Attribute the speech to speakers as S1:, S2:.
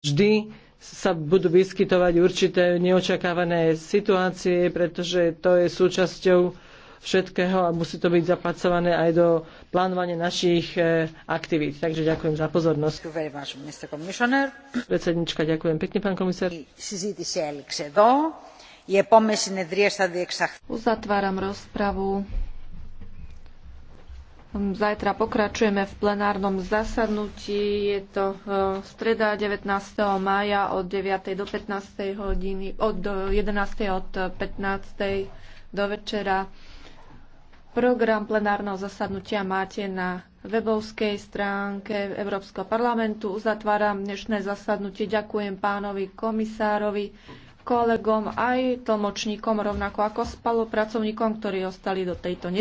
S1: vždy sa budú vyskytovať určité neočakávané situácie, pretože to je súčasťou všetkého a musí to byť zapracované aj do plánovania našich e, aktivít. Takže ďakujem za pozornosť. Predsednička, ďakujem pekne, pán komisár.
S2: Uzatváram rozpravu. Hm, zajtra
S3: pokračujeme v plenárnom zasadnutí. Je to eh, streda 19. mája od 9. do 15. hodiny, od 11. Eh, od 15. do večera. Program plenárneho zasadnutia máte na webovskej stránke Európskeho parlamentu. Uzatváram dnešné zasadnutie. Ďakujem pánovi komisárovi, kolegom aj tlmočníkom, rovnako ako spolupracovníkom, ktorí ostali do tejto nes-